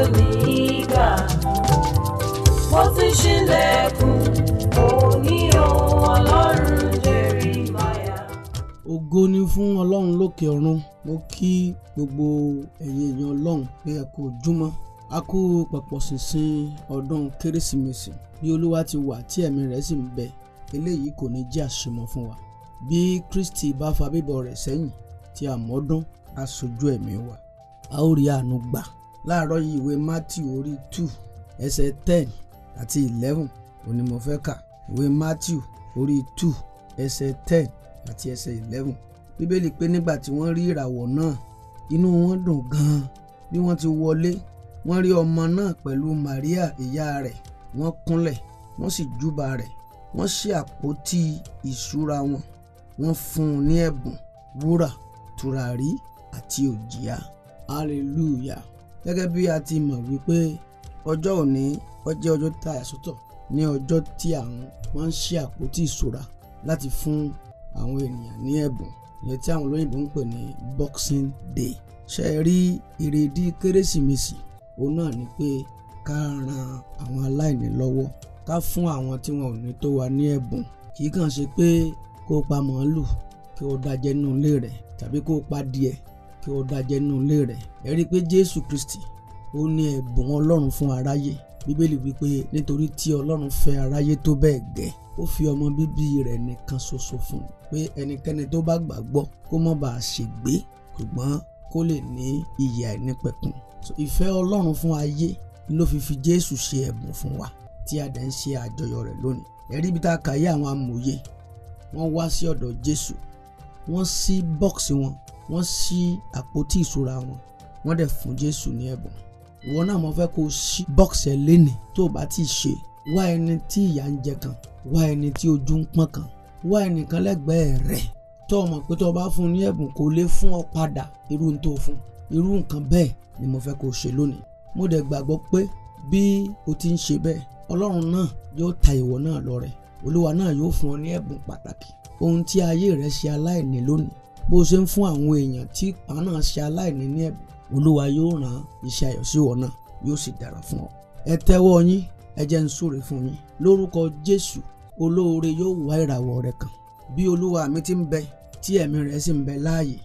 onígbà mo ti ṣílẹ̀kùn òní ohun ọlọ́run Jerimaya. ògo ni fún ọlọ́run lókè ọ̀run mo kí gbogbo ẹ̀yin èèyàn ọlọ́run pé ẹ kú ojúmọ́ a kú pọ̀pọ̀ ṣìnṣìn ọdún kérésìmesì bí olúwa ti wà tí ẹ̀mí rẹ̀ sì ń bẹ eléyìí kò ní jẹ́ àṣemọ́ fún wa bí kristi bá fa bíbọ̀ rẹ̀ sẹ́yìn tí a mọ́dún aṣojú ẹ̀mí wa a ó rí àánú gbà láàárọ̀ yìí ìwé matthew orí two ẹsẹ̀ ten àti eleven òní mo fẹ́ kà ìwé matthew orí two ẹsẹ̀ ten àti ẹsẹ̀ eleven bíbélì pé nígbà tí wọ́n rí ìràwọ̀ náà inú wọn dùn gan-an bí wọ́n ti wọlé wọ́n rí ọmọ náà pẹ̀lú maria ìyá rẹ̀ wọ́n kúnlẹ̀ wọ́n sì júbà rẹ̀ wọ́n ṣí àpótí ìṣúra wọn wọ́n fún un ní ẹ̀bùn wúrà tùràrí àti òjìá hallelujah gẹ́gẹ́ bí a ti mọ̀ wípé ọjọ́ òní ó jẹ́ ọjọ́ tá a sọ́tọ̀ ní ọjọ́ tí àwọn wọ́n ń ṣe àpótí ìṣúra láti fún àwọn ènìyàn ní ẹ̀bùn ìyẹn tí àwọn olóyìnbó ń pè ní boxing day ṣe rí ìrèdí kérésìmesì òun náà ni pé ká ran àwọn aláìní lọ́wọ́ ká fún àwọn tí wọn ò ní tó wa ní ẹ̀bùn kì í kàn ṣe pé kó o pa màálù kí o dájẹ́ nínú ilé rẹ̀ tàbí kó pa díẹ̀ kí o dájẹ́ nínú ilé rẹ̀ ẹ rí i pé Jésù Kristi ó ní ẹ̀bùn Ọlọ́run fún aráyé Bíbélì wípé nítorí tí Ọlọ́run fẹ́ aráyé tó bẹ́ẹ̀ gẹ́ ó fi ọmọ bíbí rẹ̀ nìkan ṣoṣo fún un pé ẹnikẹ́ni tó bá gbàgbọ́ kó má bàa ṣègbé ṣùgbọ́n kó lè ní ìyè àìnípẹ̀kun ìfẹ́ Ọlọ́run fún ayé ló fi fi Jésù ṣe ẹ̀bùn fún wa tí a dẹ̀ ń ṣe àjọyọ̀ rẹ̀ lónìí ẹ̀rí ibi tá a kà yé àwọn amòye wọ́n wá sí ọ̀dọ̀ Jésù wọ́n ṣí bọ́ọ̀sì wọn wọ́n ṣí àpótí ìṣúra wọn wọ́n dẹ̀ fún Jésù ní ẹ̀bùn ìwọ náà mo fẹ́ kó o ṣí bọ́ọ̀sì ẹ̀ lénìí tó o bá ti ṣe wá ẹni tí ìyà ń jẹ kan wá ẹni tí ojú ń pọ́n kan wá ẹnìkan lẹ́gbẹ̀ẹ́ rẹ̀ tó o mọ̀ pé tó o bá fún un ní ẹ̀bùn kò lè fún ọ padà irú tó o fún irú nǹkan bẹ́ẹ̀ ni mo fẹ́ kó o ṣe lónìí mo dẹ̀ gbàgbọ́ pé bí o ti ń ṣe bẹ́ẹ̀ ọlọ́run náà yóò ta ìwọ náà lọ́rẹ olúwa náà yóò fún ọ ní ẹ̀bùn pàtàkì ohun tí ayé rẹ ṣe aláìní lónìí bó ṣe ń fún àwọn èèyàn tí ìpá náà ṣe aláìní ní ẹ̀bùn olúwa yóò rán iṣẹ́ ayọ̀ sí ìwọ náà yóò sì dára fún ọ. ẹ tẹ́wọ́ yín ẹ jẹ́ ń súre fún yín lórúkọ jésù olóore yóò wá ìràwọ̀ rẹ kàn bí olúwa mi ti ń bẹ tí ẹ̀mí rẹ̀ sì ń bẹ láàyè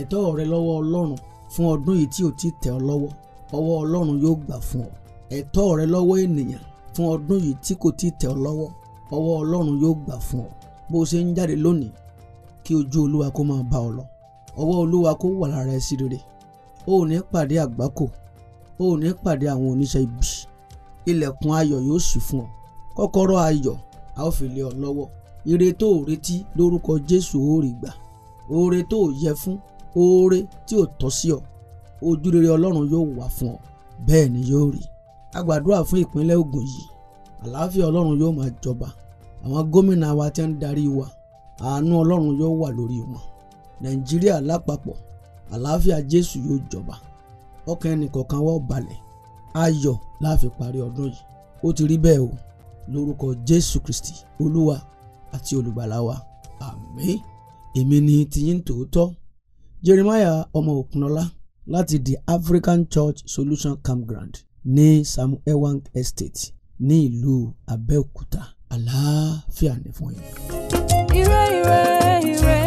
ẹ̀tọ́ rẹ lọ́wọ́ ọlọ́run fún ọdún yìí tí ò ti tẹ̀ ọ́ lọ́wọ́ ọwọ́ ọlọ́run yóò gbà fún ọ ẹ̀tọ́ rẹ lọ́wọ́ ènìyàn fún ọdún yìí tí kò ti tẹ̀ ọ́ lọ́wọ́ ọwọ́ ọlọ́run yóò gbà fún ọ bó o ṣe ń jáde lónìí kí ojú olúwa kó máa bá ọ lọ ọwọ́ olúwa kó wà lára ẹ sí rere o ò ní pàdé àgbákò o ò ní pàdé àwọn oníṣẹ́ ibi ilẹ̀kùn ayọ̀ yóò ṣí fún ọ kọ́kọ́rọ́ ayọ̀ a ó fi lé ọ lọ́wọ́ ire tó o retí lórúkọ jésù ó rí gbà oore tó o yẹ fún oore tí ò tọ́ sí ọ ojú ọlọ́run yóò wà fún ọ bẹ́ẹ̀ ni yóò rí a gbàdúrà fún ìpínlẹ̀ Ògùn yìí àlàáfíà ọlọ́run yóò máa jọba àwọn gómìnà wa tí ń darí wa àánú ọlọ́run yóò wà lórí wọn nàìjíríà lápapọ̀ àlàáfíà jésù yóò jọba ọkàn ẹnìkọ̀ọ̀kan wọ́n balẹ̀ ayọ̀ la fi parí ọdún yìí ó ti rí bẹ́ẹ̀ o lórúkọ jésù kristi olúwa àti olùgbàlà wa àmín èmi ni tiyín tòótọ́ jeremiah ọmọ òkunlọ́lá láti the african church solution campground ní samuel wang estate ní ìlú abẹ́òkúta aláà àlàáfíà ní fún yín. ire ire ire.